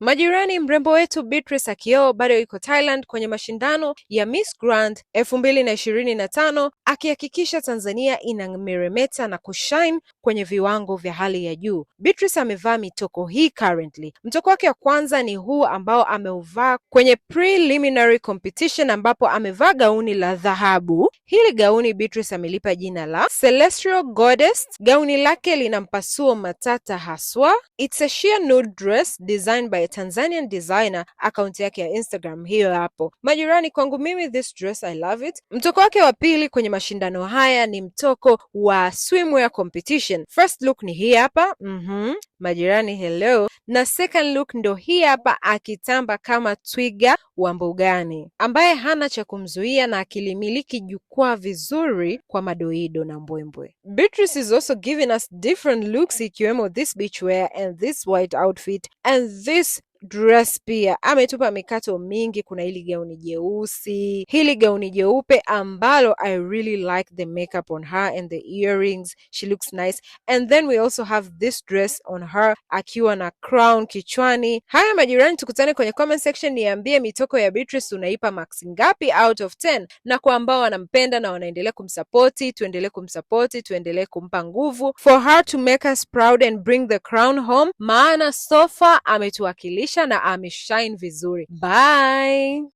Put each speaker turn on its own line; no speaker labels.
Majirani, mrembo wetu Beatrice Akioo bado yuko Thailand kwenye mashindano ya Miss Grand elfu mbili na ishirini na tano akihakikisha Tanzania inameremeta na kushine kwenye viwango vya hali ya juu. Beatrice amevaa mitoko hii currently. Mtoko wake wa kwanza ni huu ambao ameuvaa kwenye preliminary competition ambapo amevaa gauni la dhahabu. Hili gauni Beatrice amelipa jina la Celestial Goddess. Gauni lake lina mpasuo matata haswa. It's a sheer nude dress designed by Eh, Tanzanian designer, akaunti yake ya Instagram hiyo hapo.
Majirani kwangu mimi, this dress I love it.
Mtoko wake wa pili kwenye mashindano haya ni mtoko wa swimwear competition. First look ni hii hapa. Mm Majirani hello na second look ndo hii hapa, akitamba kama twiga wa mbugani ambaye hana cha kumzuia na akilimiliki jukwaa vizuri kwa madoido na mbwembwe.
Beatrice is also giving us different looks ikiwemo this wear and this white outfit and this dress pia ametupa mikato mingi. Kuna hili gauni jeusi, hili gauni jeupe ambalo I really like the makeup on her and the earrings, she looks nice. And then we also have this dress on her akiwa na crown kichwani.
Haya majirani, tukutane kwenye comment section, niambie mitoko ya Beatrice unaipa max ngapi out of 10? Na kwa ambao wanampenda na wanaendelea kumsapoti, tuendelee kumsapoti, tuendelee kumpa nguvu
for her to make us proud and bring the crown home, maana sofa ametuwakilisha amesha na ameshine vizuri.
Bye.